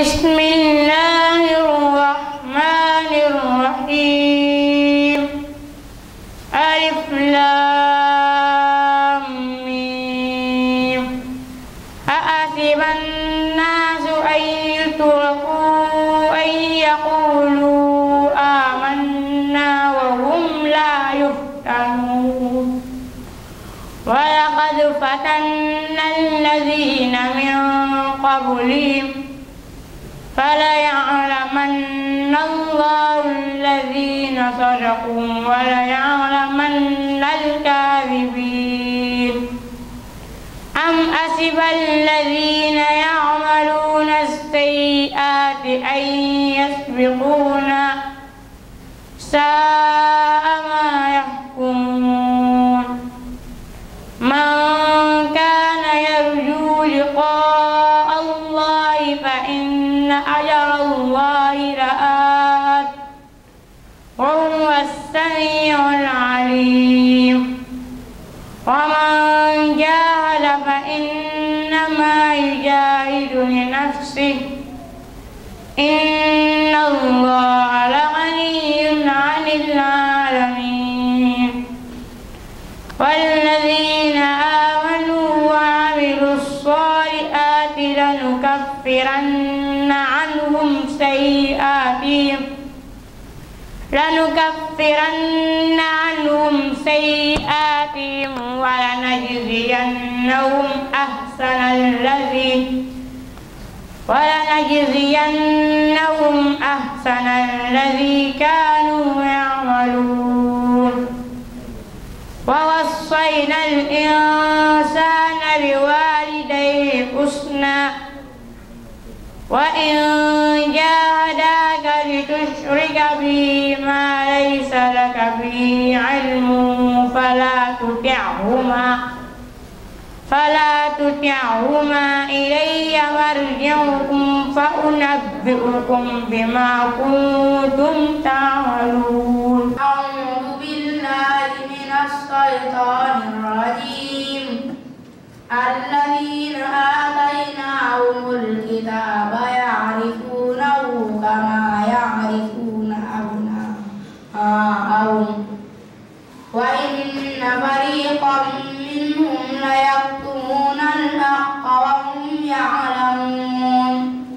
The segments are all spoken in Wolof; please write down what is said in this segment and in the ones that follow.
بسم الله صدقوا وليعلمن الكاذبين أم أسب الذين يعملون السيئات أن يسبقونا سَاءَ السميع العليم ومن جاهد فإنما يجاهد لنفسه إن الله لغني عن العالمين والذين آمنوا وعملوا الصالحات لنكفرن عنهم سيئاتهم لنكفرن عنهم سيئاتهم ولنجزينهم أحسن الذي ولنجزينهم أحسن الذي كانوا يعملون ووصينا الإنسان بوالديه حسنا وإن جاهداك لتشرك بي ما ليس لك به علم فلا تطعهما فلا تطعهما إلي مرجعكم فأنبئكم بما كنتم تعملون أعوذ بالله من الشيطان الرجيم الذين آتيناهم الكتاب يعرفونه كما يعرفون أبناءهم وإن فريقا منهم ليكتمون الحق وهم يعلمون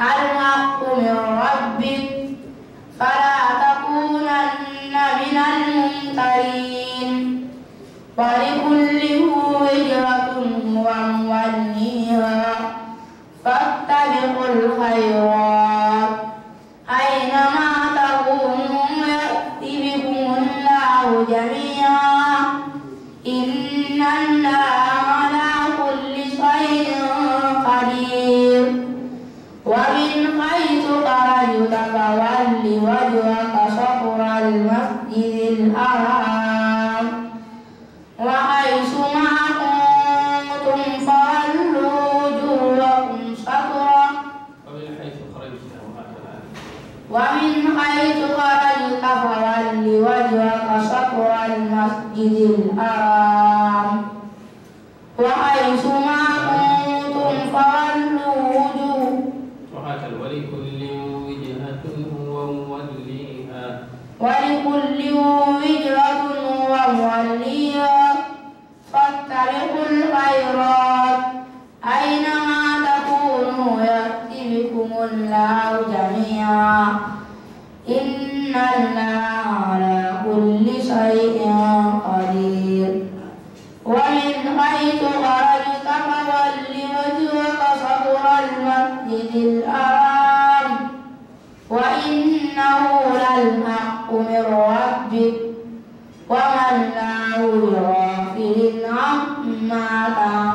الحق من ربك فلا تكونن من الممترين ولكل وجهة هو موليها فاستبقوا الخيرات أينما تكونوا يأتي بكم الله جميعا إن الله على كل شيء قدير ومن حيث خرجت فول المسجد الحرام وحيث ما كنتم فولوا وجوه ولكل وجهة هو موليها ولكل وجهة هو موليها فاستبقوا الخيرات أينما تكونوا يأتي بكم الله جميعا إن الله على كل شيء إنه للحق من ربك وما الله بغافل عما تعملون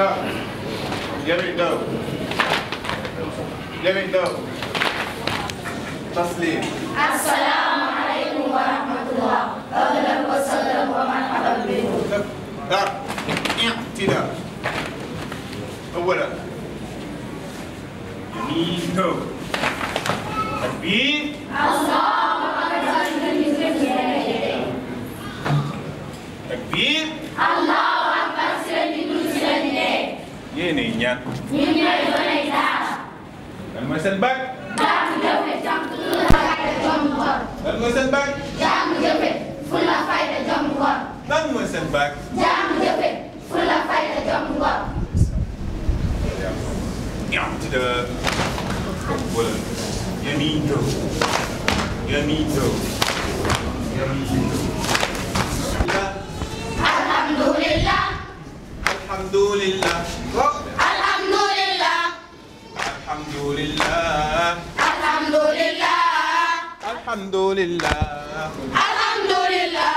Top. Get it though. Get it though. تسليم السلام عليكم ورحمة الله أهلا وسهلا ومرحبا بكم دار اعتداء أولا يمين تكبير الله yéenay ñaan. ñun ñooy gone yi daara. lan mooy seen baag. jàng jëfe jàng fulla fayda jom ngor. lan mooy seen baag. jàng jëfe fulla fayda jom ngor. lan mooy seen baag. jàng jëfe fulla fayda jom ngor. Yamtida wala Yamido Yamido Yamido Alhamdulillah Alhamdulillah alhamdulilah. alhamdulilah.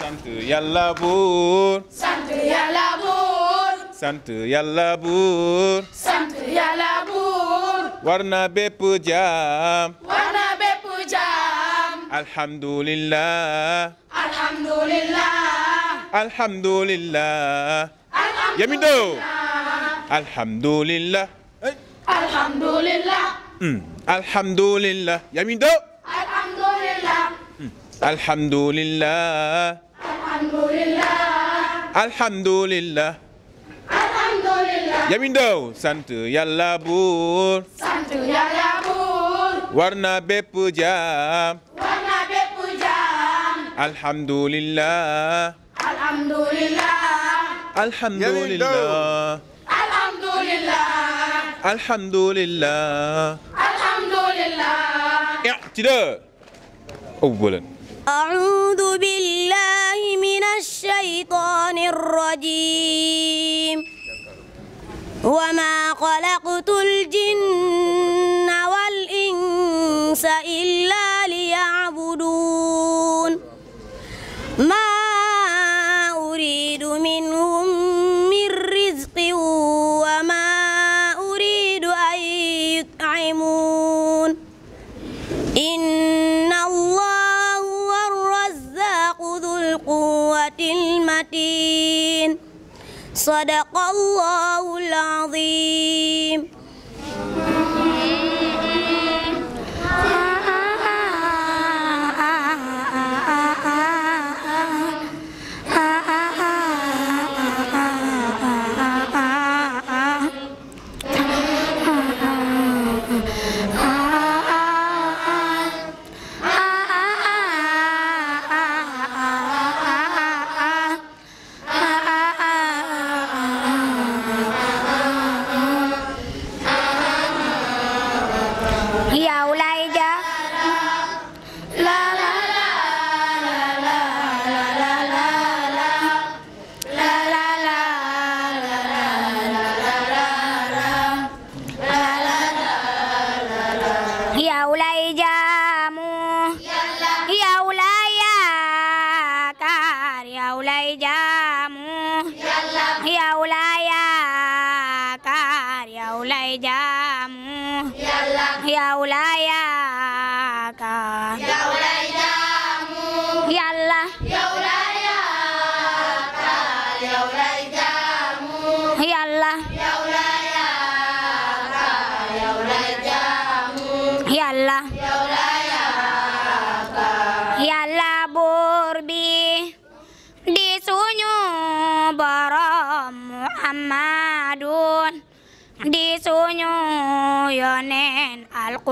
sant yàlla buur. sant yàlla buur. sant yàlla buur. sant yàlla buur. war na bépp jaam. war na bépp jaam. alhamdulilah. alhamdulilah. alhamdulilah. Yamindo. alhamdulilah. alhamdulilah. Mm. alhamdulilah. Yamindo. alhamdulillah alhamdulillah alhamdulillah alhamdulillah yamin daw sant yàlla buur sant yàlla buur war na bépp jaam war na bépp jaam alhamdulillah alhamdulillah alhamdulillah alhamdulillah alhamdulillah i'tida awwalan أعوذ بالله من الشيطان الرجيم وما خلقت الجن sadaqallahul azim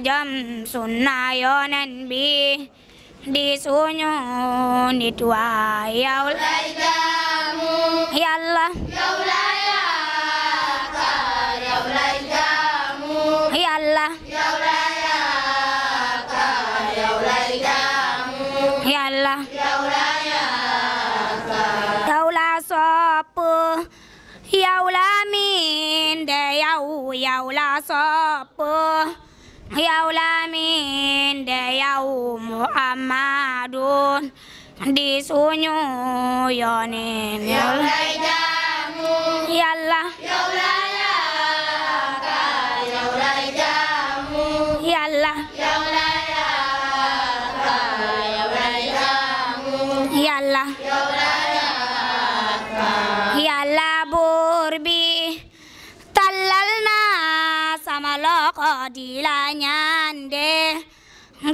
jamsunna yonen bi di suñu nit waa yow la jaamu yàlla yow Lamin de yow Muhammadun di suñu yonin yow lay jaamu yàlla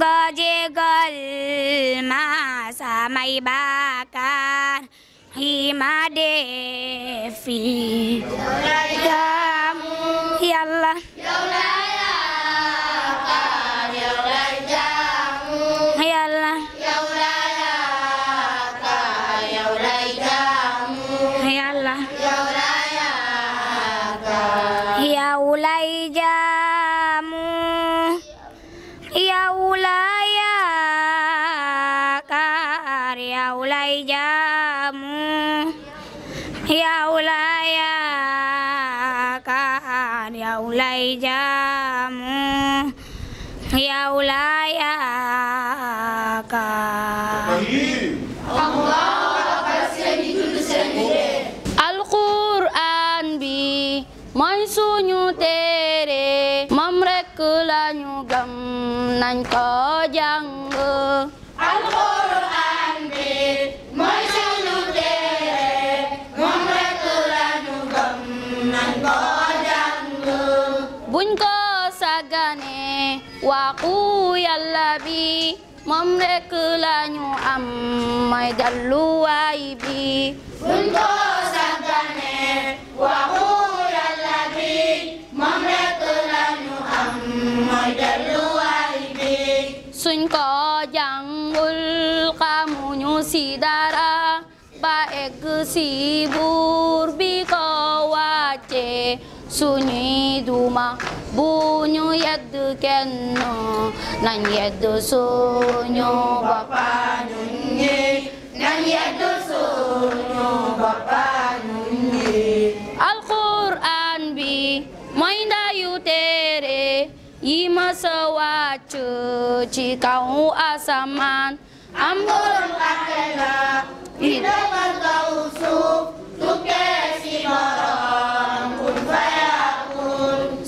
nga jégal ma samay baakaar yi ma def fi ulay jaamu ya ulay yaakaar ya ulay jaamu ya ulay yaakaar alquran bi mooy suñu téere moom rekk lañu gëm nañ ko waaku yàlla bi moom rekk lañu am mooy dalluwaay bi buñ ko santane waaku yàlla bi moom rekk lañu am bi suñ ko jàngul xamuñu si duma bu ñu yedd kenn nañ yedd suñu boppa ñun ñi nañ yedd suñu boppa ñun ñi alquran bi mooy ndayu téere yi masa wàcc ci kaw asamaan am borom ak la yi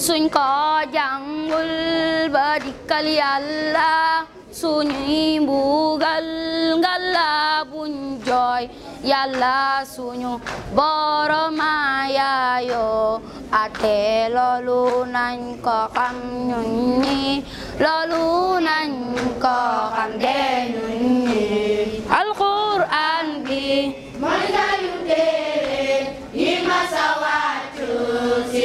suñ ko jàngul ba dikkal yàlla suñuy mbugal ngalla buñ jooy yàlla suñu boroma yaayoo ate loolu nañ ko xam ñun loolu nañ ko xam de ñun ñi alquran bi mooy dayu téere yi ma sa wàccu si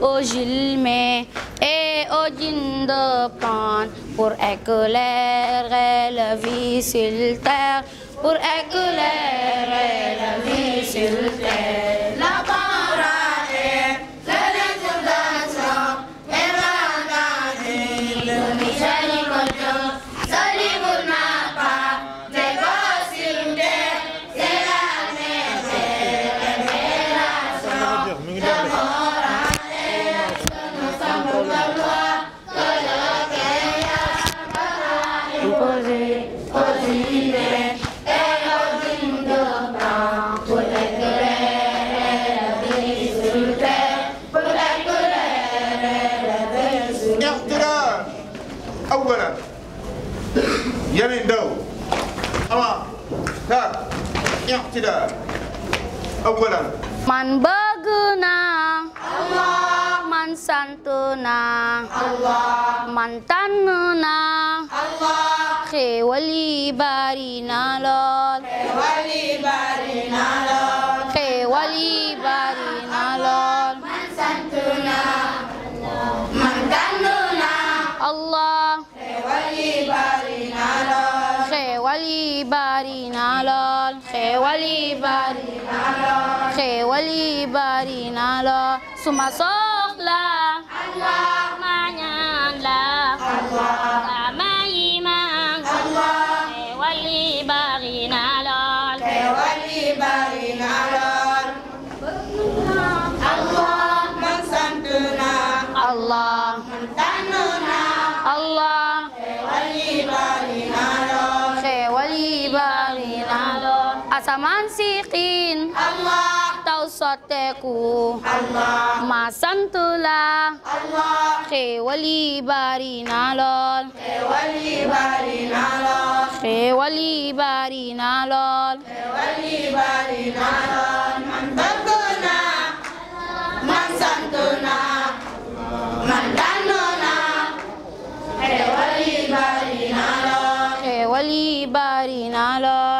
au gilmé et au din de pan pour éclairer la vie sur terre, pour éclairer la vie sur xam nga lan lool xéewal yi bari na lool xéewal yi bari suma soxla Allah la samaan siiqiin Allah taw sotteeku Allah ma santu la Allah xéewal yi bari na lool xéewal yi bari na lool xéewal yi bari na lool xéewal yi bari na lool man bëgg naa man santu naa man dannu naa xéewal yi bari na lool xéewal yi bari na lool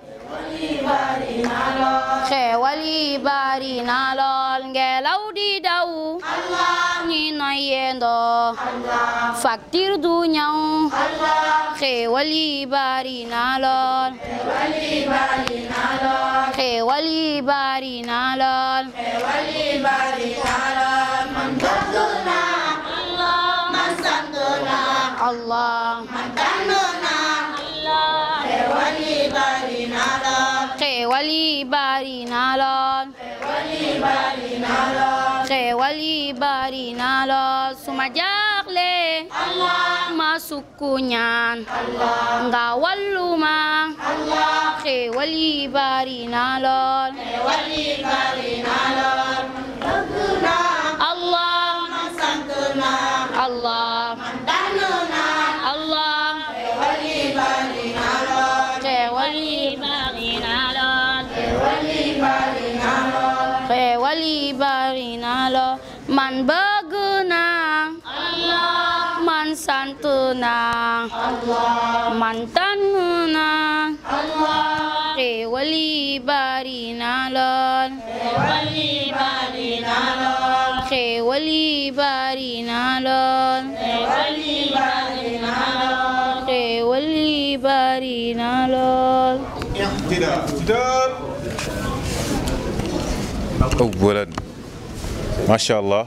xewal yi bari na lool ngelaw di daw ñi noyendoo facture du ñaw xewal yi bari na lool xewal yi bari na lool man gëstu naa man sant naa man tànn naa xewal yi xéewal yi bari na lool. xéewal yi bari na lool. xéewal yi bari ma sukku ñaan. Allah wallu ma. Allah xéewal yi Allah mantan na Allah re wali bari na lool re wali bari na lool re wali bari na lool re wali bari na lool re wali bari na lool iqtida أولا ما شاء الله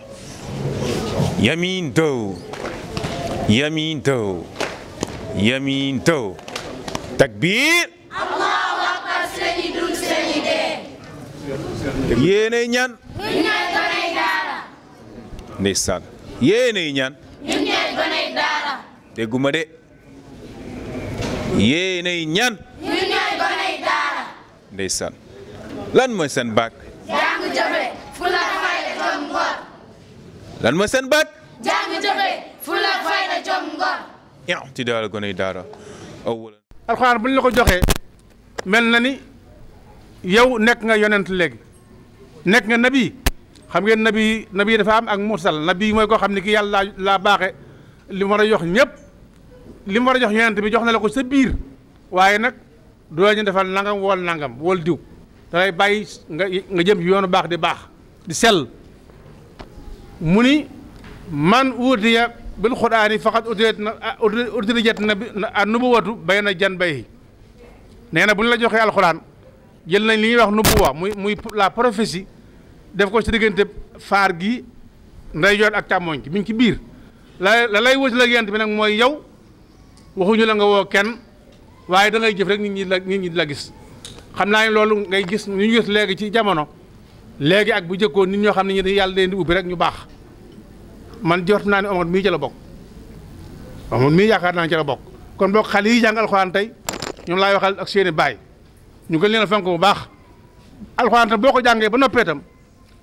يمين دو yaminto yaminto takbir allahu akbar sëñ dul sëñ dee yéenay ñan ñun ñooy gonay daara ndeysaan yéenay ñan ñun ñooy gonay daara dégguma de yéenay ñan ñun ñooy gonay lan mooy seen baag jàng jëfe fu la fayda gëm ngor lan mooy seen baag fulla ak fayda jom ngor yàqu ci daal gone yi daara awwalan alxuraan bu ñu la ko joxee mel na ni yow nekk nga yonent léegi nekk nga nabi xam ngeen nabi nabi dafa am ak mursal nabi mooy koo xam ne ki yàlla laa baaxe li mu war a jox ñëpp li mu war a jox yonent bi jox na la ko sa biir waaye nag doo ñu defal nangam wol nangam wol diw dalay bàyyi nga jëm yoonu baax di baax di sell mu ni man uudiya bil xuraani faqat utiet na ah, utilijat na a nubuwatu bay na jan bay nee na bu ñu la joxee alxuraan jël nañ li ñuy wax nubuwa muy muy la prophétie def ko ci diggante faar gi nday ndeyjoor ak càmmooñ gi mi ci biir la la lay wësi la yent bi nag mooy yow waxuñu la nga woo kenn waaye da ngay jëf rek nit ñi la nit ñi la gis xam naa ne loolu ngay gis ñu gis léegi ci jamono léegi ak bu jëkkoon nit ñoo xam ne ñi yàlla day di ubbi rek ñu baax man jort naa ne Omar mii jël a bokk Omar mii yaakaar naa ne ci bokk kon bokk xale yi jàng alxuraan tey ñoom laay waxal ak seeni baay ñu gën leen fonk bu baax alxuraan boo ko jàngee ba noppee tam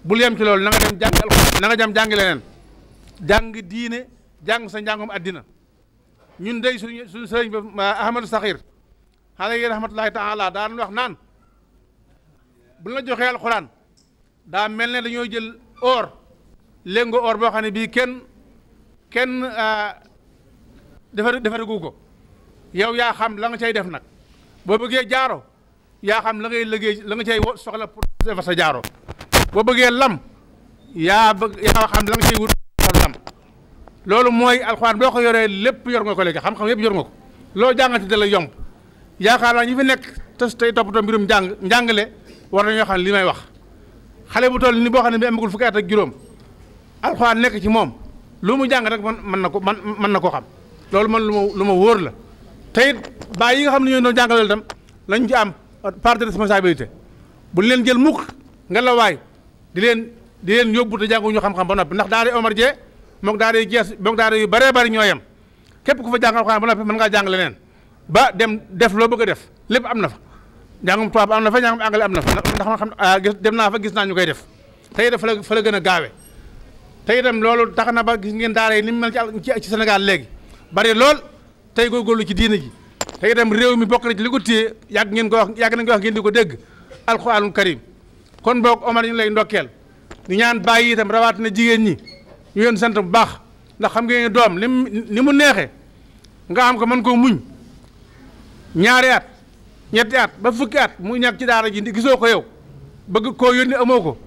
bul ci loolu na nga dem jàng alxuraan na dem jàngi leneen jàng diine jàng sa njàngum addina ñun dey suñu suñu sëriñ ba Ahmadou Saxir alayhi rahmatullahi taala daan wax naan bu la joxee alxuraan daa mel ne dañoo jël or. léngu or boo xam ne bii kenn kenn euh, defar defaragu ko yow yaa xam la nga cay def nag boo bëggee jaaro yaa xam la ngay liggéey la nga cay soxla pour defar sa jaaro boo bëggee lam yaa bëgg yaa xam la nga wut loolu mooy alxuraan boo ko yoree lépp yor nga ko léegi xam-xam yëpp yor nga ko loo jàngante da lay yomb yaakaar naa ñi fi nekk te tey toppatoo mbirum njàng njàngale war nañoo xam lii may wax xale bu toll ni boo xam ne bi amagul fukki at ak juróom alxuraan nekk ci moom lu mu jàng rek man mën na ko man mën na ko xam loolu man lu ma lu ma wóor la te it baay yi nga xam ne ñoo doon jàngaleel tam lañ ci am part de responsabilité bu leen jël mukk nga di leen di leen yóbbu te jàngu ñu xam-xam ba noppi ndax daara Omar Dieng mook daara yu gees mook daara yu bëree bëri ñoo yam képp ku fa jàng alxuraan ba noppi mën ngaa jàng leneen ba dem def loo bëgg def lépp am na fa njàngum tubaab am na fa njàngum anglais am na fa ndax ma xam ah, gis dem naa fa gis naa ñu koy def tey dafa la fa la gën a gaawe te itam loolu tax na ba gis ngeen daara yi ni mu mel ci ci Sénégal léegi bari lool tey góorgóorlu ci diina ji te itam réew mi bokk na ci li ko téye yàgg ngeen ko wax yàgg nañ ko wax ngeen di ko dégg alxuraanul karim kon boog Omar ñu lay ndokkeel ñu ñaan bàyyi itam rawaatina jigéen ñi ñu leen sant bu baax ndax xam ngeen doom lim ni mu neexee nga am ko mën koo muñ ñaari at ñetti at ba fukki at mu ñàkk ci daara ji gisoo ko yow bëgg koo yónni amoo ko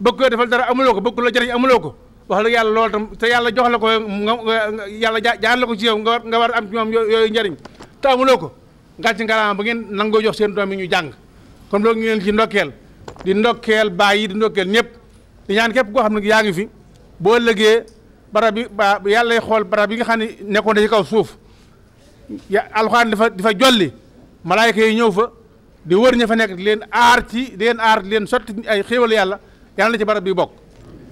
bëgg koo defal dara amuloo ko bëgg la amuloo ko wax dëgg yàlla loolu tam te yàlla jox la ko nga yàlla jaar la ko ci yow nga war nga war am ci moom yooyu njëriñ te amuloo ko ngàcc ngalaama ba ngeen nangoo jox seen doom yi ñu jàng kon loolu ngi ci ndokkeel di ndokkeel baay di ndokkeel ñëpp ñaan képp koo xam ne yaa ngi fi boo lëgee barab bi ba yàlla xool barab yi nga xam ne nekkoon na ci kaw suuf ya alxuraan dafa dafa jolli malaayka yi ñëw fa di wër ña fa nekk di leen aar ci di leen aar leen sotti ay xéewal yàlla yàlla na ci barab bi bokk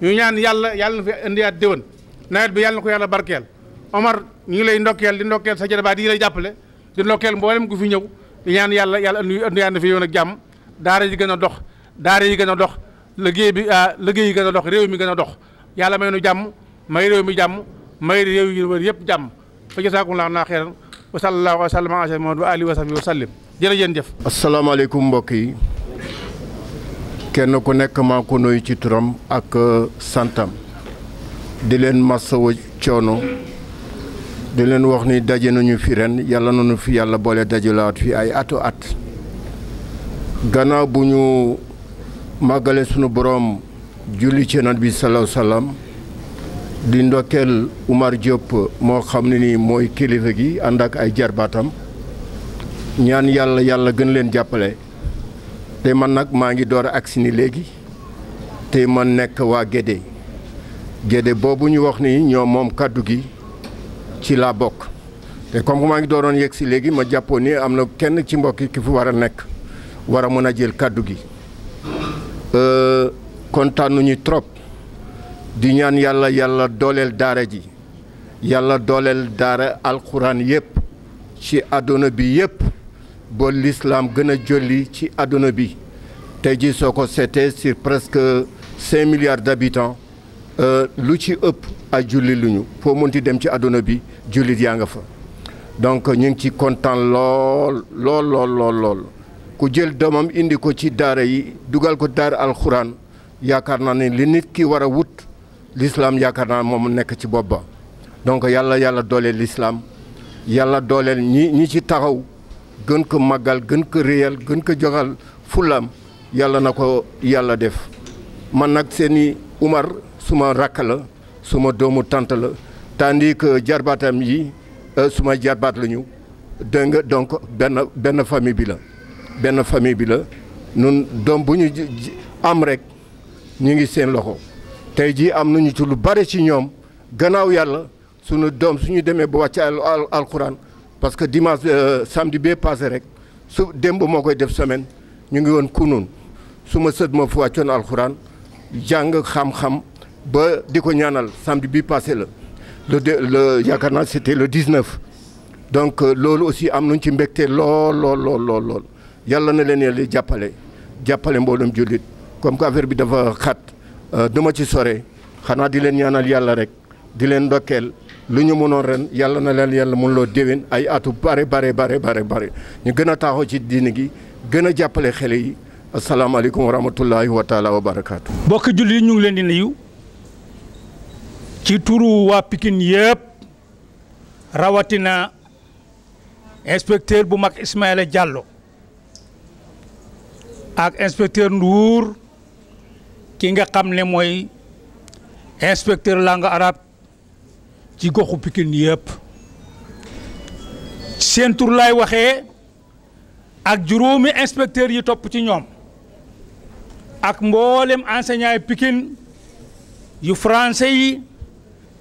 ñu ñaan yàlla yàlla na fi indiwaat déwén nawet bi yàlla na ko yàlla barkeel Omar ñu ngi lay ndokkeel di ndokkeel sa jarabaat yi lay jàppale di ndokkeel mboolem ku fi ñëw di ñaan yàlla yàlla indi indiwaat na fi yoon ak jàmm daara yi gën a dox daara yi gën a dox liggéey bi ah, liggéey yi gën a dox réew mi gën a dox yàlla may nu jàmm may réew mi jàmm may réew yi wër yëpp jàmm fa jasaakumullaahu naa xeeran wa sallallaahu wa sallam ala Muhammad wa alihi wa sahbihi wa sallim jërëjëf asalaamaaleykum mbokk yi kenn ku nekk maa ko nuyu ci turam ak euh, santam di leen masawu coono di leen wax ni daje nañu fi ren yàlla nañu fi yàlla boole dajulaat fi ay atu at gannaaw bu ñu màggale sunu boroom julli ci bi salaaw salaam di ndokkeel Umar Diop moo xam ne ni mooy kilifa gi ànd ak ay jarbaatam ñaan yàlla yàlla gën leen jàppale te man nag maa ngi door a agsi ni léegi te man nekk waa Guédé Guédé boobu ñu wax ni ñoo moom kàddu gi ci laa bokk te comme maa ngi dooroon yegg si léegi ma jàppoon ni am na kenn ci mbokk ki fu war a nekk war a mën a jël kàddu gi euh, kontaanuñu trop di ñaan yàlla yàlla dooleel daara ji yàlla dooleel daara alxuraan yépp ci àdduna bi yépp ba l'islam gën a jolli ci àdduna bi tey jii soo ko seetee si presque cinq milliards d'habitants euh, lu ci ëpp a julli lu ñu foo mënti dem ci àdduna bi jullit yaa nga fa donc ñu ngi ci kontaan lool lool lool lool ku jël doomam indi ko ci daara yi dugal ko daara alxuraan yaakaar naa ne li nit ki war a wut l'islam yaakaar naa moom nekk ci bopp ba donc yàlla yàlla dooleel l'islam yàlla dooleel ñi ñi ci taxaw gën ko màggal gën ko réyal gën ko joxal fulaam yàlla na ko yàlla def man nag seen seeni Umar suma rakk la suma doomu tante la tandis que jarbaatam yi euh, suma jarbaat la ñu dégg donc benn benn famille bi la benn famille bi la nun doom bu ñu am rek ñu ngi seen loxo tey jii am nañu ci lu bari ci ñoom gannaaw yàlla sunu doom su ñu demee ba wàcc alquran parce que dimanche euh, samedi bee passé rek su démb moo koy def semaine ñu ngi woon kunun su ma sët ma fu wàccoon alxuraan jàng xam-xam ba di ko ñaanal samedi bi passé la le le yaakaar naa c'était le 19 donc euh, loolu aussi am nañ ci mbégte lool lool lool lool yàlla na leen yàlla jàppale jàppale mboolum jullit comme que affaire bi dafa xat euh, duma ci sore xanaa di leen ñaanal yàlla rek di leen ndokkeel lu ñu mënoon ren yàlla na leen yàlla mën loo déwén ay atu bare bare bare bare bare ñu gën a taaxoo ci diini gi gën a jàppale xele yi asalaamaaleykum wa rahmatullahi wa taala wa mbokk julli yi ñu ngi leen di nuyu ci turu waa Pikine yëpp rawatina inspecteur bu mag Ismaïla Diallo ak inspecteur nduur ki nga xam ne mooy inspecteur langue arabe. ci goxu pikin yëpp seen tur laay waxee ak juróomi inspecteurs yi topp ci ñoom ak mboolem enseignants yi Pikine yu français yi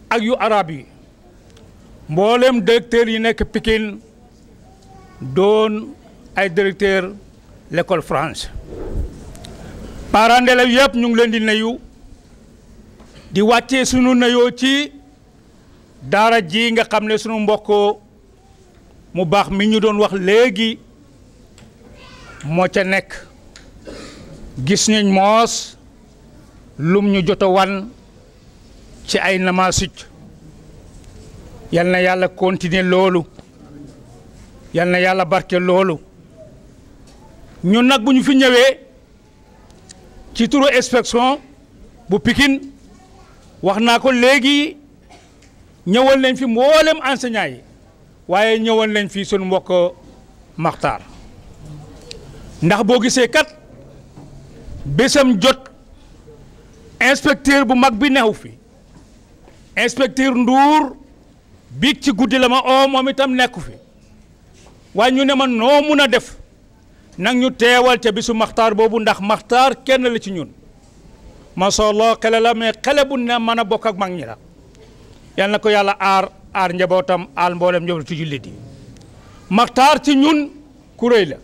ak yu arabe yi mboolem directeur yi nekk Pikine doon ay directeur l'école France parents d'élèves yëpp ñu ngi leen di nayu di wàccee sunu nuyoo ci daara jii nga xam ne sunu mbokk mu baax mi ñu doon wax léegi moo ca nekk gis nañ moos lum ñu jot a wan ci ay namaasuj yal na yàlla continuer loolu yal na yàlla barke loolu ñun nag bu ñu fi ñëwee ci turu inspection bu Pikine wax naa ko léegi ñëwal leen fi mboolem enseignant yi waaye ñëwal leen fi suñu mbokk maxtaar ndax boo gisee kat bésam jot inspecteur bu mag bi neexu fi inspecteur Ndour biig ci guddi la ma oo moom itam nekku fi waaye ñu ne ma noo mun a def nag ñu teewal ca bésu maxtaar boobu ndax maxtaar kenn la ci ñun ma sooloo xele la mais xele bu ne mën a bokk ak mag ñi la yal na ko yàlla aar aar njabootam aar mboolem njabootu jullit yi maxtaar ci ñun ku rëy la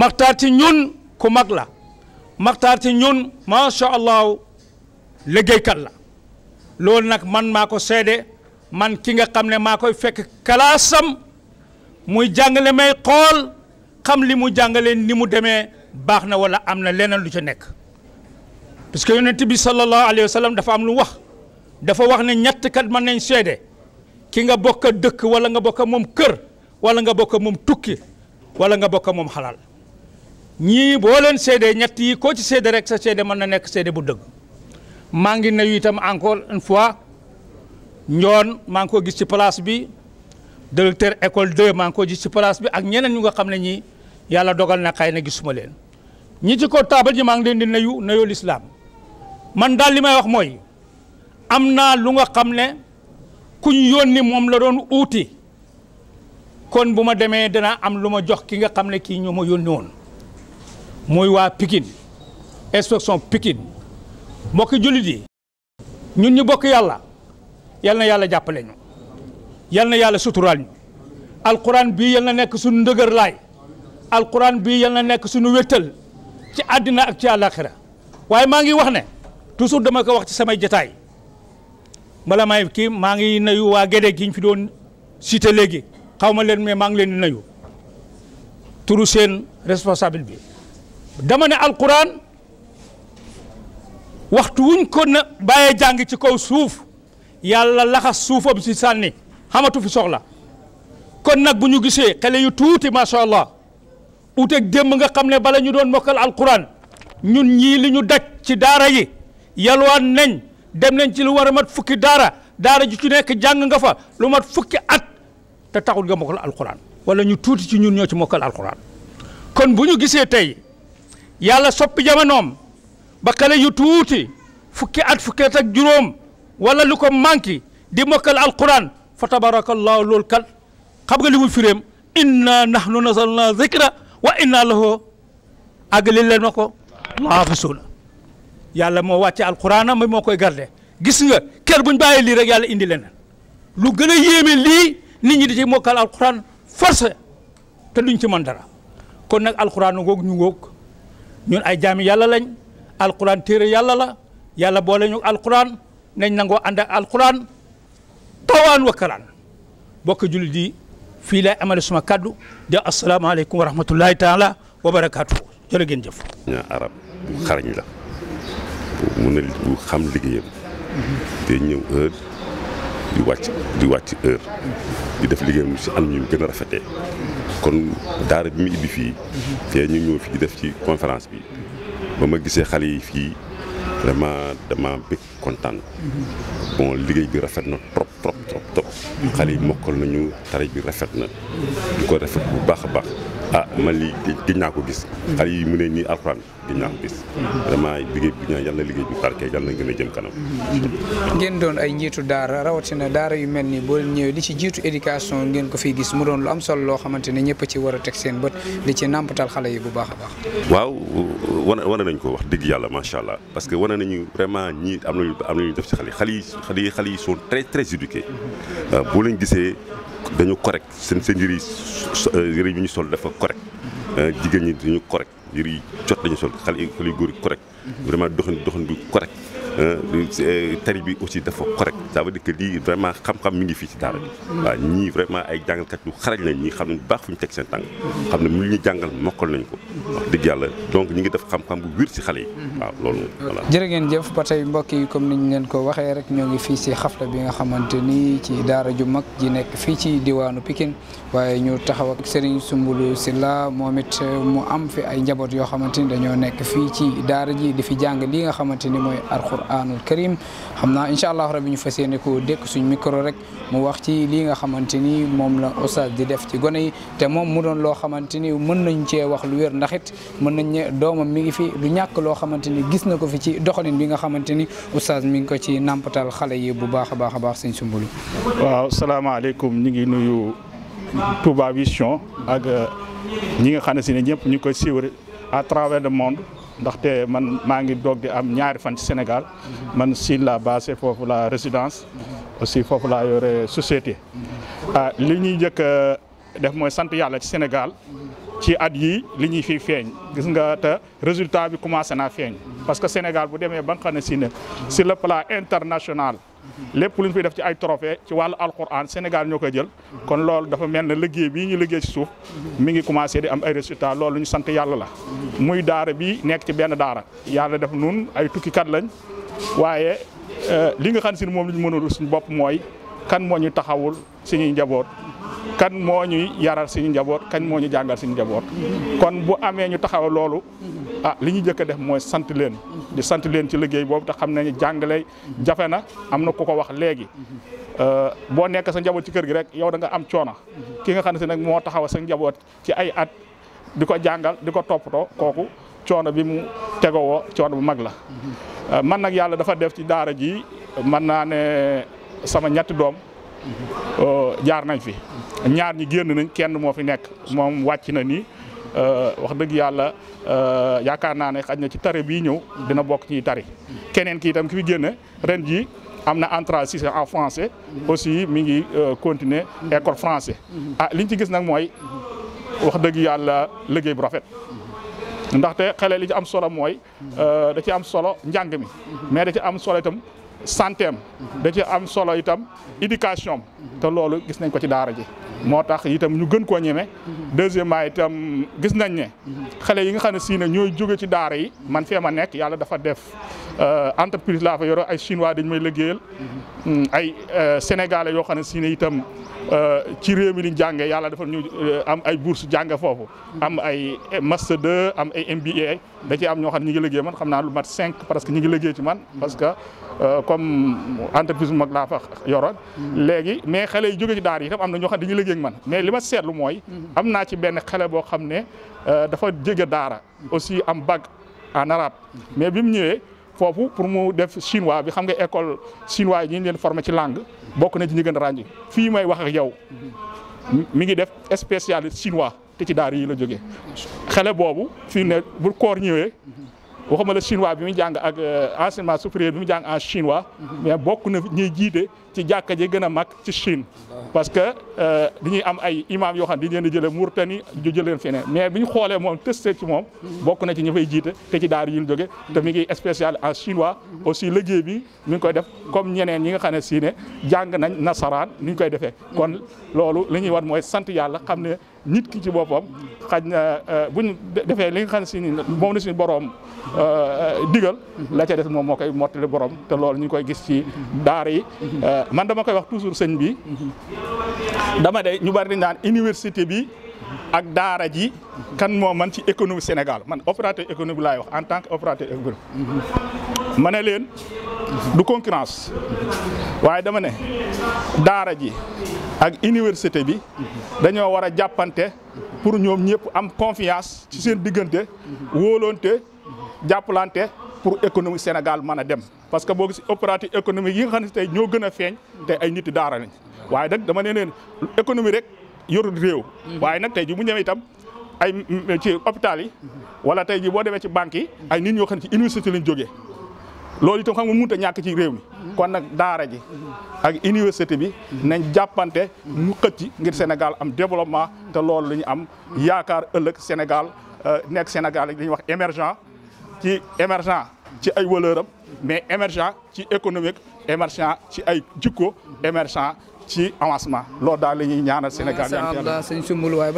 maxtaar ci ñun ku mag la maxtaar ci ñun macha allah liggéeykat la loolu nag man maa ko seede man ki nga xam ne maa koy fekk kalaasam muy jàngale may xool xam li mu jàngale ni mu demee baax na wala am na leneen lu ci nekk parce que yonent bi sallallahu alayhi dafa am lu wax. dafa wax ne ñett kat mën nañ seede ki nga bokk dëkk wala nga bokk moom kër wala nga bokk moom tukki wala nga bokk moom xalaal ñii boo leen seede ñett yi koo ci seede rek sa seede mën na nekk seede bu dëgg maa ngi nuyu itam encore une fois njoon maa ngi ko gis si place bi directeur école 2 maa ngi ko gis ci place bi ak ñeneen ñu nga xam ne ñi yàlla dogal na xëy na gisuma leen ñi ci ko taabal ji maa ngi leen di nuyu nuyoo lislaam man daal li may wax mooy am naa lu nga xam ne ku kuñ yónni moom la doon uti kon bu ma demee dana am lu ma jox ki nga xam ne kii ñoo ma yónni woon muy waa Pikine inspection pikin mbokki jullit yi ñun ñu bokk yàlla yal na yàlla jàppale ñu yal na yàlla suturaal ñu alquran bii yal nekk suñu ndëgër laay alquran bii yal na nekk suñu wettal ci àddina ak ci àllaaxira waaye maa ngi wax ne toujours dama ko wax ci samay jataay bala may kii maa ngi nuyu waa Gédé gi ñu fi doon cité léegi xaw ma leen mais maa ngi leen di nuyu turu seen responsable bi dama ne alquran waxtu wuñ ko na bàyyee jàng ci kaw suuf yàlla laxas suufam si sànni xamatu fi soxla kon nag bu ñu gisee xale yu tuuti macha allah uteeg démb nga xam ne bala ñu doon mokkal alquran ñun ñii li ñu daj ci daara yi yalwaan nañ dem nañ ci lu war a mat fukki daara daara ji ci nekk jàng nga fa lu mat fukki at te taxul nga mokkal alxuraan wala ñu tuuti ci ñun ñoo ci mokkal alxuraan kon bu ñu gisee tey yàlla soppi jamonoom ba xale yu tuuti fukki at fukki at ak juróom wala lu ko manqué di mokkal alxuraan fa tabarakallahu loolu kat xam nga li mu firéem inna nahnu nazzalna zikra wa inna lahu àgg li leen ma yàlla moo wàcce alxuraanam moo koy garde gis nga kër buñ bàyyi lii rek yàlla indi leneen lu gën a yéeme lii nit ñi di ci mokkal alxuraan force te duñ ci man dara kon nag alxuraan ngoog ñu ngoog ñun ay jaami yàlla lañ alxuraan téere yàlla la yàlla boole ñu alxuraan nañ nangoo ànd ak alxuraan tawaan wakkalaan bokk jullit yi fii laay amale suma kaddu di asalaamaaleykum wa rahmatullahi taala wa barakaatu jërë ngeen jëf. la. mun a bu xam liggéeyam te ñëw heure di wàcc di wàcc heure di def liggéeyam ci anam ñu gën a rafetee kon daara bi mu ibbi fii te ñu ñëw fi di def ci conférence bi ba ma gisee xale yi fii vraiment dama bëgg kontaan bon liggéey bi rafet na trop trop trop xale yi mokkal nañu tari bi rafet na di ko rafet bu baax a baax ah man lii gëj naa ko gis. Mm. xale yi mu ne nii alxuraan gëj naa ko gis. Mm. vraiment liggéey bi ñaan yal na liggéey bi barke yal na gën a jëm kanam. Mm-hmm. ngeen doon ay njiitu daara rawatina daara yu mel nii boo leen ñëwee li ci jiitu éducation ngeen ko fiy gis mu doon lu am solo loo xamante ne ñëpp ci war a teg seen bët di ci nàmpatal xale yi bu baax a baax. waaw wane wane nañ ko wax dëgg yàlla macha allah parce que wane nañu vraiment ñii am nañu am nañu def ci xale yi xale yi xale yi xale yi sont très très éduqués mm-hmm. ah, boo gisee. dañu correct seen seen yëre yi yëre yi ñu sol dafa correct euh, jigéen ñi dañu correct yëre yi jot dañu sol xale yi góor yi correct mhm. vraiment doxin doxin bi correct Euh, euh, tari bi aussi dafa correct ça ba dire que lii xam-xam mi ngi fii ci daara bi waaw ñii vraiment ay jàngalkat yu xarañ lañ ñi xam ne bu baax fu ñu teg seen tànk xam ne mu ñu jàngal mokkal nañ ko wax dëgg yàlla donc ñi ngi def xam-xam bu wér ci xale yi waaw loolu voilà ngeen jëf ba tey mbokk yi comme niñ leen ko waxee rek ñoo ngi fii ci xafla bi nga xamante ni ci daara ju mag ji nekk fii ci diwaanu Pikine waaye ñu taxaw ak Serigne Soumboulou Sylla moom it euh, mu am fi ay njaboot yoo xamante ni dañoo nekk fii ci daara ji di fi jàng li nga xamante ni mooy alxuraan alquranul karim xam naa incha allah rabi ñu fa yéene ko dékk suñ micro rek mu wax ci lii nga xamante ni moom la oustaz di def ci gone yi te moom mu doon loo xamante ni mën nañ cee wax lu wér ndax mën nañ ne doomam mi ngi fi du ñàkk loo xamante ni gis na ko fi ci doxalin bi nga xamante ni oustaz mi ngi ko ci nampatal xale yi bu baax a baax a baax sëñ Sumbulu waaw salaamaaleykum ñu ngi nuyu tuba Vision ak euh, ñi nga xam ne si ne ñëpp ñu koy suivre à travers le monde ndaxte man maa ngi doog di am ñaari fan ci Sénégal man siin la basé foofu la résidence aussi foofu laa yore société ah li ñuy njëkk def mooy sant yàlla ci Sénégal ci at yi li ñuy fii feeñ gis nga te résultat bi commencé naa feeñ parce que Sénégal bu demee ba nga xam ne si ne sur le plan international lépp lu ñu fiy def ci ay trophée ci wàllu alquran Sénégal ñoo koy jël kon loolu dafa mel ne liggéey bii ñu liggéey ci suuf mi ngi commencé di am ay résultats loolu ñu sant yàlla la muy daara bi nekk ci benn daara yàlla def nun ay kan lañ waaye euh, li nga xam si moom la ñu mënul suñu bopp mooy kan moo ñu taxawul suñuy njaboot kan moo ñuy yaral suñu njaboot kan moo ñu jàngal suñu njaboot kon bu amee ñu taxaw loolu ah li ñu njëkk a def mooy sant leen mm-hmm. di sant leen ci liggéey boobu te xam nañu jàngale jafe na am na ku ko wax léegi mm-hmm. boo nekk sa njaboot ci kër gi rek yow da nga am coona mm-hmm. ki nga xam ne si nag moo taxaw sa njaboot ci ay at di ko jàngal di ko toppatoo kooku coono bi mu tegowoo coona bu mag la uh, man nag yàlla dafa def ci daara ji man naa ne sama ñetti doom uh, jaar nañ fi ñaar ñi génn nañ kenn moo fi nekk moom wàcc na nii Euh, wax dëgg yàlla euh, yaakaar naa ne xaj na ci tari bii ñëw dina bokk ci tari keneen ki itam ki fi génne ren ji am na entrée si en français aussi mi ngi euh, continuer école français ah liñ ci gis nag mooy wax dëgg yàlla liggéey bu rafet ndaxte xele li ci am solo mooy da ci am solo njàng mi mais da ci am solo itam santé da ci am solo itam éducation te loolu gis nañ ko ci daara ji moo tax itam ñu gën koo ñemee mhm. deuxièmement itam gis nañ ne. Mhm. xale yi nga xam ne sii ne ñooy jóge ci daara yi man fee ma nekk yàlla dafa def euh, entreprise laa fa yoro ay chinois dañ may liggéeyal. Mhm. Mm, ay euh, sénégalais yoo xam ne sii itam Euh, ci réew mi liñ jàngee yàlla dafa ñu euh, am ay bourse jànge foofu am ay master 2 am ay MBA da ci am ñoo xam ne ñu ngi liggéey man xam naa lu mat cinq parce que ñu ngi liggéey ci man parce que euh, comme entreprise bu mag laa fa yoroon mm-hmm. léegi mais xale yi jóge ci daar yi itam am na ñoo xam ne dañuy liggéey man mais li ma seetlu mooy mm-hmm. am naa ci benn xale boo xam ne dafa jege daara mm-hmm. aussi am bag en arabe mais bi ñëwee foofu pour mu def chinois bi xam nga école chinois yi ñu leen formé ci langue bokk na ci ñi gën a ràññi fii may wax ak yow mi ngi def spécialiste chinois te ci daara yi la jógee xale boobu fii ne bu koor ñëwee waxuma la chinois bi mu jàng ak euh, enseignement supérieur bi mu jàng en chinois. Mhm. mais bokk na ñuy jiite ci jàkka ji gën a mag ci Chine. parce que euh, dañuy am ay imam yoo xam ne dañu leen di jëlee Mauritanie di jël leen feneen mais bi ñu xoolee moom testé ci moom. bokk na ci ñu fay jiite te ci daar yi ñu jóge te mi ngi spécial en chinois. aussi liggéey bi mi ngi koy def comme ñeneen ñi nga xam ne si jàng nañ nasaraan ni ñu koy defee. kon loolu li ñuy war mooy sant yàlla xam ne. nit ki ci boppam xaj na euh, bu ñu defee li nga xam ne si ni moom la suñu boroom euh, digal la ca des moom moo koy mottali borom te loolu ñu koy gis ci daara yi euh, man dama koy wax toujours seen bi dama de ñu bari di naan université bi ak daara ji kan moom man ci économie Sénégal man opérateur économique laay wax en tant que opérateur économique ma ne leen du concurrence waaye dama ne daara ji ak université bi dañoo war a jàppante pour ñoom ñëpp am confiance ci seen diggante wóolonte jàppalante pour économie Sénégal mën a dem parce que boo si opérative économique yi nga xam ne tey ñoo gën a feeñ te ay nit daara lañ waaye nag dama ne leen économie rek yorul réew waaye nag tey ji mu ñëwee itam ay ci hôpital yi wala tey ji boo demee ci banque yi ay nit ñoo xam ne ci université lañ jógee loolu itam xam nga mënut a ñàkk ci réew mi kon nag daara ji ak université bi nañ jàppante ñu xëcc ngir Sénégal am développement te loolu la ñu am yaakaar ëllëg Sénégal euh, nekk Sénégal li ñuy wax émergent ci émergent ci ay valeur am mais émergent ci économique émergent ci ay jikko émergent ci avancement loolu daal la ñuy ñaanal Sénégal macha allah sëñ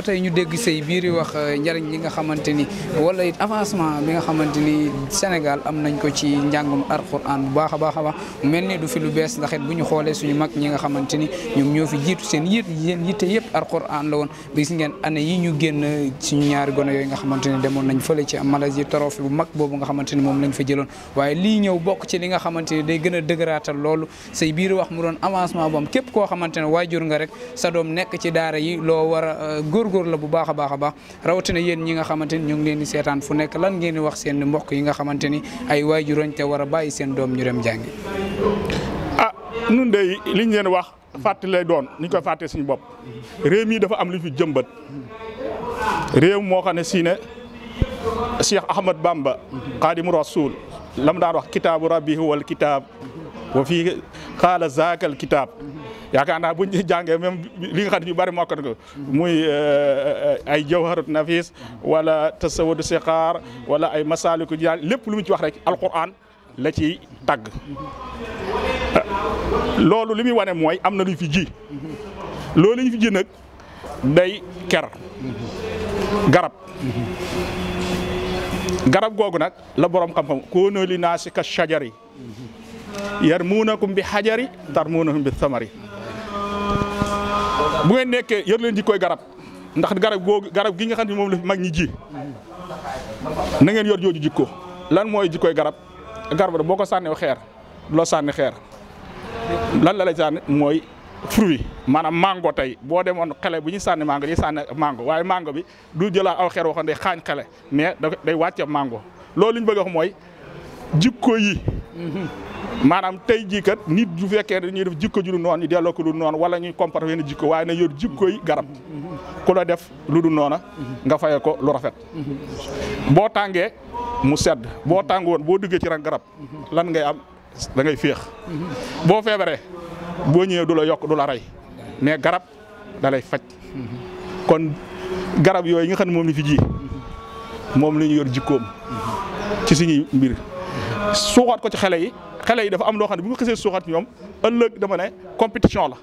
tey ñu dégg say biir yi wax euh, njëriñ li nga xamante ni wala avancement bi nga xamante ni Sénégal am nañ ko ci njàngum alxuraan bu baax a baax a baax mel ni du fi lu bees ndax it bu ñu xoolee suñu mag ñi nga xamante ni ñoom ñoo fi jiitu seen yét yéen yitte yëpp alxuraan la woon ba gis ngeen année yi ñu génn suñu ñaari gone yooyu nga xamante ni demoon nañ fële ci Malaisie trophée bu mag boobu nga xamante ni moom lañ fa jëloon waaye lii ñëw bokk ci li nga xamante ni day gën a dëgëraatal loolu say biir wax mu doon avancement bu am képp koo xamante xamante ne waajur sa nekk ci daara yi loo war a euh, góorgóor la bu baax baax a baax rawatina yéen ñi nga xamante ni ñu ngi leen di seetaan fu nekk lan ngeen di wax seen mbokk yi nga xamante ni ay waajurañ te war a bàyyi seen doom ñu dem jàngi. ah nun de liñ leen wax fàttali doon niñ koy fàtte suñu bopp réew mi dafa am lu fi jëmbat réew moo xam ne si ne Cheikh Ahmad Bamba Xaadimu Rasuul lam daan wax kitaabu rabbihi wal kitaab wa fii xaala zaakal kitaab yaakaar naa buñ jàngee même li nga xam ñu bari mokkat ko muy euh, euh, ay jawharut nafis walla tasawudu siqaar wala ay masaliku jaan lépp lu mu ci wax rek alquran la ci tagg loolu li muy wane mooy am na lu fi ji loolu ñu fi day ker garab garab googu nag la borom xam-xam koo noo li naa shajari yar yarmuunakum bi xajari tarmuunahum bi samari bu ngeen nekkee yor leen jikkooy garab ndax garab googu garab gi nga xam ne moom la mag ñi ji na ngeen yor jooju jikko lan mooy jikkooy garab garab boo ko sànneew xeer loo sànni xeer lan la lay sànni mooy fruit maanaam mango tey boo demoon xele bu ñu sànni mango dañuy sànni mango waaye mango bi du jëlaa aw xeer waxoon day xaañ xele mais day wàcce mango loolu li ñu bëgg a mooy jikko yi maanaam tey jii kat nit du fekkee dañuy def jikko ji du noonu ñu delloo ko lu noonu wala ñuy comporté benn jikko waaye na yor jikko yi garab ku la def lu du noona nga faye ko lu rafet boo tàngee mu sedd boo tàng woon boo duggee ci ran garab lan ngay am da ngay féex boo feebaree boo ñëwee du la yokk du la rey mais garab da faj kon garab yooyu nga xam ne moom la fi ji moom la ñu yor jikkoom ci suñuy mbir suuxaat ko ci xale yi xale yi dafa am loo xam ne bu ñu xasee suuxaat ñoom ëllëg dama ne compétition la.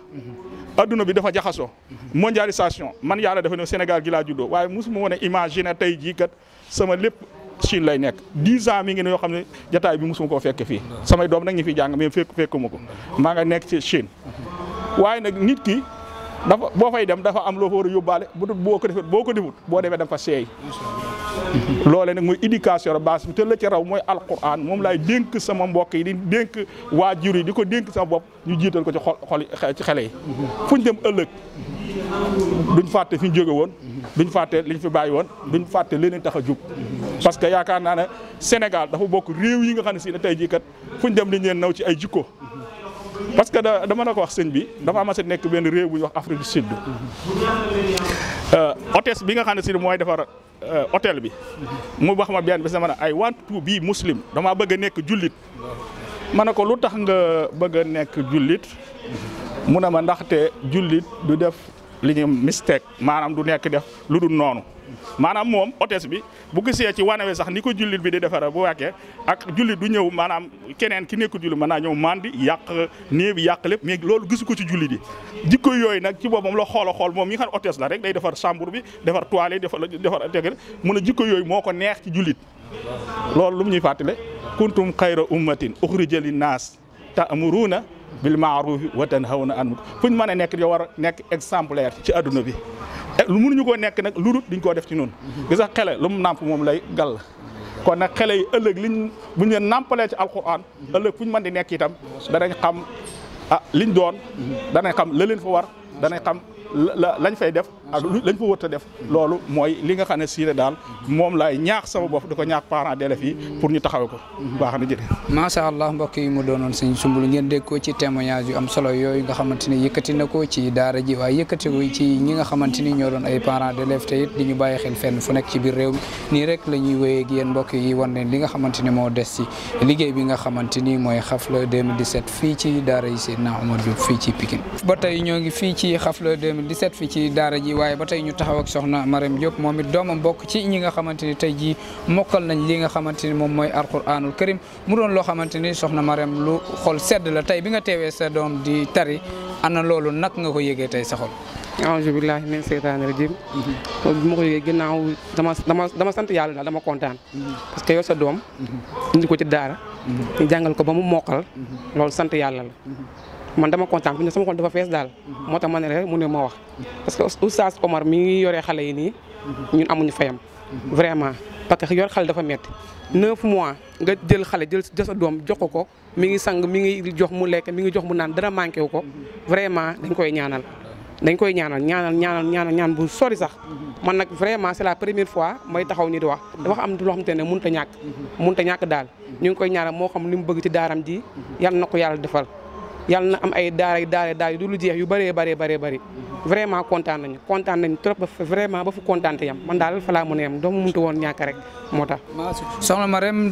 adduna bi dafa jaxasoo. mondialisation man yàlla dafa ne Sénégal gi laa juddoo waaye mosuma woon a na tey jii kat sama lépp Chine lay nekk dix ans mi ngi ne yoo xam ne jataay bi mosuma koo fekk fi sama doom nag ñu fi jàng mais fekk fekkuma ko maa nga nekk ci Chine waaye nag nit ki. dafa boo fay dem dafa am loo fa war a yóbbaale bu dul boo ko defee boo ko defut boo demee da fa seey. loolee nag mooy éducation base bi te la ci raw mooy alquran moom laay dénk sama mbokk yi di dénk waajur yi di ko dénk sama bopp ñu jiital ko ci xol xol ci xale yi. fu ñu dem ëllëg duñ fàtte fi jóge woon. duñ fàtte liñ fi bàyyi woon duñ fàtte leneen tax a jub. parce que yaakaar naa ne Sénégal dafa bokk réew yi nga xam ne si ne tey jii kat fu ñu dem dañ leen naw ci ay jikko. parce que dama la ko wax sëñ bi dafa amase nekk benn réew bu wax Afrique du Sud. Euh, bi nga xam ne si mooy defar euh, hôtel bi. mu wax ma benn bés dama ne ay want to be muslim damaa bëgg nekk jullit. ma ne ko lu tax nga bëgg a nekk jullit. mu ne ma ndaxte jullit du def li ñuy mistake maanaam du nekk def lu dul noonu. maanaam moom hôtesse bi bu gisee ci wane wi sax ni ko jullit bi di defara bu wàccee ak jullit du ñëw maanaam keneen ki nekkul jullit mën naa ñëw mandi yàq néew bi yàq lépp mais loolu gisu ko ci jullit yi jikko yooyu nag ci boppam la xool a xool moom mi nga xam hôtesse la rek day defar chambre bi defar toilette defar defar tegel mun a jikko yooyu moo ko neex ci jullit loolu lu mu ñuy fàttale kuntum xayra ummatin uxrija linnaas ta'muruuna bil ma'ruufi na tanhawna anil munkar fu ñu mën a nekk yow war a nekk exemplaire ci adduna bi Eh, lu ñu koo nekk nag lu dul duñ koo def ci noonu mhm. gis nga xele lu mu nàmp moom lay gàll kon nag xele yi ëllëg liñ buñ leen nàmpalee ci alxuraan mhm. ëllëg fuñ mën di nekk itam danañ xam ah liñ doon mhm. danañ xam la leen fa war danañ xam la lañ fay def ak lañ fa wërta def loolu mooy li nga xam ne siire yi mu doonoon sëñ Soumboulou ngeen dégg ko ci témoignage yu am solo yooyu nga xamante ni yëkkati na ko ci daara ji waaye yëkkati ko ci doon ay parents d'élèves te it di ñu bàyyi xel fenn fu nekk ci biir réew mi nii rek la ñuy wéyee ak yéen mbokk yi wan leen li nga xamante ni moo des ci liggéey bi nga xamante ni mooy xafla 2017 fii ci daara yi Seydina fii ci Pikine ba tey ñoo ngi fii ci xafla 2017 daara ji waaye ba tey ñu taxaw ak soxna Marème Diop moom it doomam bokk ci ñi nga xamante ni tey jii mokkal nañ lii nga xamante ni moom mooy alquranul karim mu doon loo xamante ni soxna Marème lu xol sedd la tey bi nga teewee sa doom di tari ana loolu nak nga ko yëgee tey sa xol. aaju billahi min seytaani rajim loolu bi ma ginnaaw dama dama dama sant yàlla daal dama kontaan parce sa doom ko ci daara ñu ko ba mu mokkal loolu sant yàlla la man dama kontaan fi ne sama xol dafa fees daal moo tax ma ne rek mu ne ma wax parce que oustaz Omar mi ngi yoree xale yi nii ñun amuñu fayam vraiment parce que yor xale dafa metti neuf mois nga jël xale jël sa doom jox ko ko mi ngi sang mi ngi jox mu lekk mi ngi jox mu naan dara manqué wu ko vraiment dañ koy ñaanal dañ koy ñaanal ñaanal ñaanal ñaanal ñaan bu sori sax man nag vraiment c'est la première fois may taxaw ni di wax am loo xam ne mënut a ñàkk mënut a ñàkk daal ñu ngi koy ñaanal moo xam li mu bëgg ci daaram di yàlla na ko yàlla defal yàlla na am ay daaray daara daara du lu jeex yu bëree bëree bëree bëri vraiment kontaan nañu kontaan nañu trop ba vraiment ba fu kontaante yam man daal fa laa mën a yam doomu mënut woon ñàkk rek moo tax.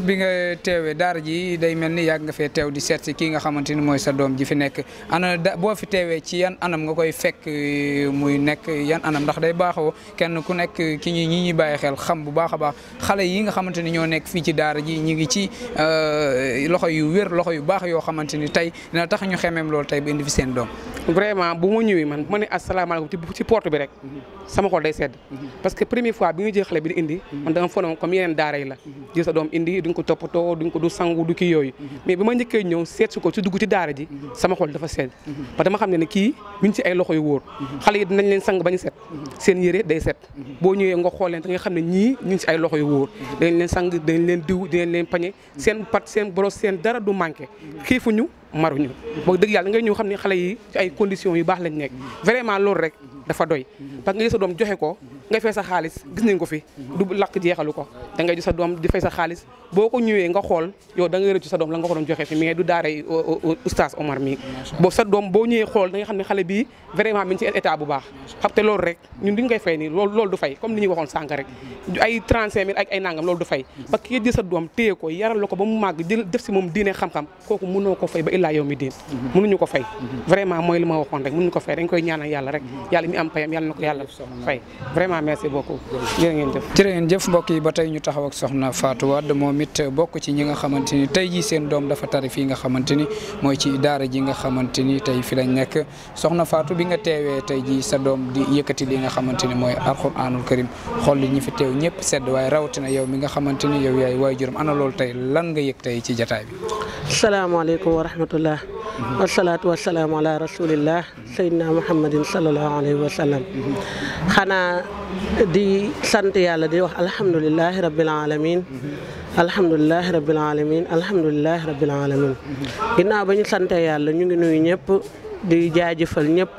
bi nga teewee daara ji day mel ni yàgg nga fee teew di seet si kii nga xamante ni mooy sa doom ji fi nekk ana boo fi teewee ci yan anam nga koy fekk euh, muy nekk yan anam ndax day baaxoo kenn ku nekk ki ñu ñi ñuy bàyyi xel xam bu baax a baax xale yi nga xamante ni ñoo nekk fii ci daara ji ñu ngi ci euh, loxo yu wér loxo yu baax yoo xamante ni tey dina tax ñu xemeem loolu tey ba indi fi seen doom. vraiment bu ma ñëwee man ma ne salaamaaleykum ci porte bi rek mhm. sama xol day sedd parce que premier fois bi nga jël xale bi di indi man dama fonoon comme yeneen daara yi la jël sa doom indi duñ ko toppatoo duñ ko du sangu du ki yooyu mais bi ma njëkkee ñëw seet ko si dugg ci daara ji sama xol dafa sedd ba xam ne ne kii mi ngi ay loxo yu wóor xale yi dinañ leen sang bañu set seen yére day set boo ñëwee nga xooleen leen nga xam ne ñii ñu ngi ci ay loxo yu wóor dinañ leen sang dañ leen diw dinañ leen pañe seen pat seen boros seen dara du manqué xiifuñu maruñu wax dëgg yàlla ngay ñëw xam ne xale yi ci ay conditions yu baax lañ nekk vraiment loolu rek dafa doy parce que nga gis sa doom joxe ko nga fay sa xaalis gis nañ ko fi du lakk jeexalu ko da ngay gis sa doom di fay sa xaalis boo ko ñëwee nga xool yow da ngay rëccu sa doom la nga ko doon joxe fi mais du daaray oustaz Omar mii boo sa doom boo ñëwee xool da xam ne xale bi vraiment mi ngi ci état bu baax xam te loolu rek ñun duñ koy fay nii loolu loolu du fay comme ni ñuy waxoon sànq rek ay 35 mille ak sa doom téye ko yaral la ko ba mu màgg def si moom diine xam-xam kooku mënoo ko fay ba illaa yow mi diin mhm. mënuñu ko fay mhm. vraiment mooy li ma waxoon rek mënuñu ko fay dañ koy ñaanal am payam yàlla na ko yàlla fay vraiment merci beaucoup jërë ngeen jëf jërë ngeen jëf ba tey ñu taxaw soxna Fatou Wade moom it bokk ci ñi nga xamante ni tey jii seen doom dafa tari fii nga xamante ni mooy ci daara ji nga xamante ni tey nekk soxna Fatou bi nga teewee tey jii sa doom di yëkkati li nga xamante ni mooy alxuraanul karim xool li ñi teew ñëpp sedd waaye rawatina yow mi nga xamante ni yow yaay waay juróom ana loolu tey lan nga yëg tey ci jataay bi salaamaaleykum wa rahmatullah mhm. wasalaatu wasalaamu ala rasulillah mhm. sayyidina muhammadin sallallahu wa sallam xanaa di sant yàlla di wax alhamdulilahi rabbil alamin alhamdulilahi rabbil alamin alhamdulilahi rabbil alamin ba ñu santee yàlla ñu ngi nuyu ñëpp di jaajëfal ñëpp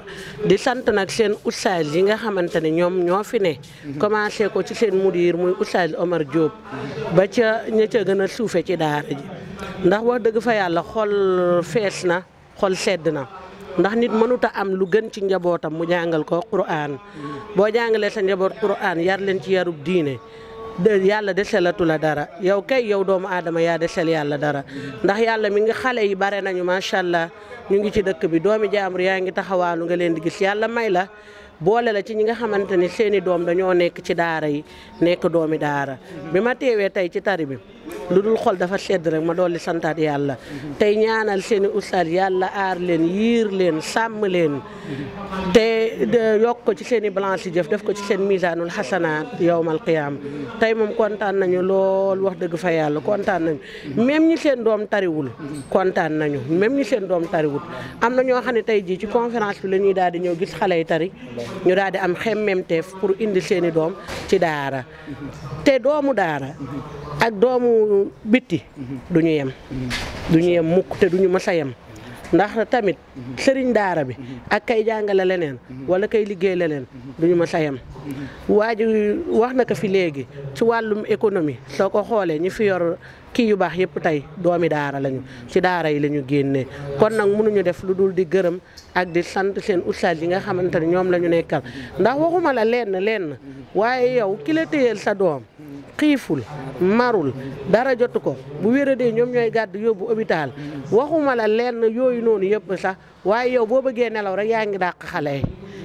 di sant nag seen oustaz yi nga xamante ne ñoom ñoo fi ne commencé ko ci seen mudir muy oustaz Omar Diop ba ca ña ca gën a suufe ci daara ji ndax wax dëgg fa yàlla xol fees na xol sedd na ndax nit mënut a am lu gën ci njabootam mu jàngal ko Qur'an boo jàngalee sa njaboot aan yar leen ci yarub diine de yàlla deselatu la dara yow kay yow doomu aadama yaa desel yàlla dara ndax yàlla mi ngi xale yi bare nañu macha allah ñu ngi ci dëkk bi doomi jaambur yaa ngi taxawaalu nga leen di gis yàlla may la. boole la ci ñi nga xamante ni seen i doom dañoo nekk ci daara yi nekk doomi daara bi ma teewee tey ci tari bi lu dul xol dafa sedd rek ma dolli santaat yàlla tey ñaanal seen i ustaat yàlla aar leen yiir leen sàmm leen te yokk ko ci seen i balance yi jëf def ko ci seen misaanul xasanaat yowmal qiyaam tey moom kontaan nañu lool wax dëgg fa yàlla kontaan nañu même ñi seen doom tariwul kontaan nañu même ñi seen doom tariwul am na ñoo xam ne tey jii ci conférence bi la ñuy daal di ñëw gis xale yi tari ñu daal di am xemmemteef pour indi seen doom ci daara te doomu daara ak doomu bitti du ñu yem du ñu yem mukk te du ñu ma a yem ndax tamit sëriñ daara bi ak kay jàngale leneen wala kay liggéey leneen du ñu ma a yem waa wax na ko fi léegi ci wàllum économie soo ko xoolee ñi fi kii yu baax yëpp tey doomi daara lañu ci daara yi la ñu génnee kon nag mënuñu def lu dul di gërëm ak di sant seen ustaas yi nga xamante ne ñoom la ñu nekkal ndax waxuma la lenn lenn waaye yow ki la téyeel sa doom xiiful marul dara jotu ko bu wéradee ñoom ñooy gàddu yóbbu hôpital waxuma la lenn yooyu noonu yëpp sax waaye yow boo bëggee nelaw rek yaa ngi dàq xale yi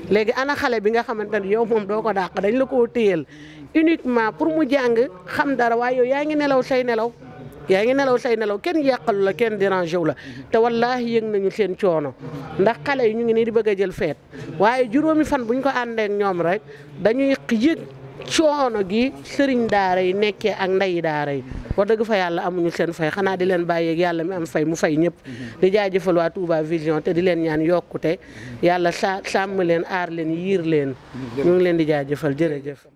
léegi ana xale bi nga xamante ne yow moom doo ko dàq dañ la koo téyeel uniquement pour mu jàng xam dara waaye yow yaa ngi nelaw say nelaw yaa ngi nelaw say nelaw kenn yàqalu la kenn dérangé wu la te wallaahi yëg nañu seen coono ndax xale yi ñu ngi nii di bëgg a jël feet waaye juróomi fan bu ñu ko àndee ñoom rek dañuy yëg coono gi sëriñ daara yi nekkee ak ndeyi daara yi wax dëgg fa yàlla amuñu seen fay xanaa di leen bàyyeeg yàlla mi am fay mu fay ñëpp di jaajëfal waa Touba Vision te di leen ñaan yokkute yàlla sa sàmm leen aar leen yiir leen ñu ngi leen di jaa jaajëfal jërëjëf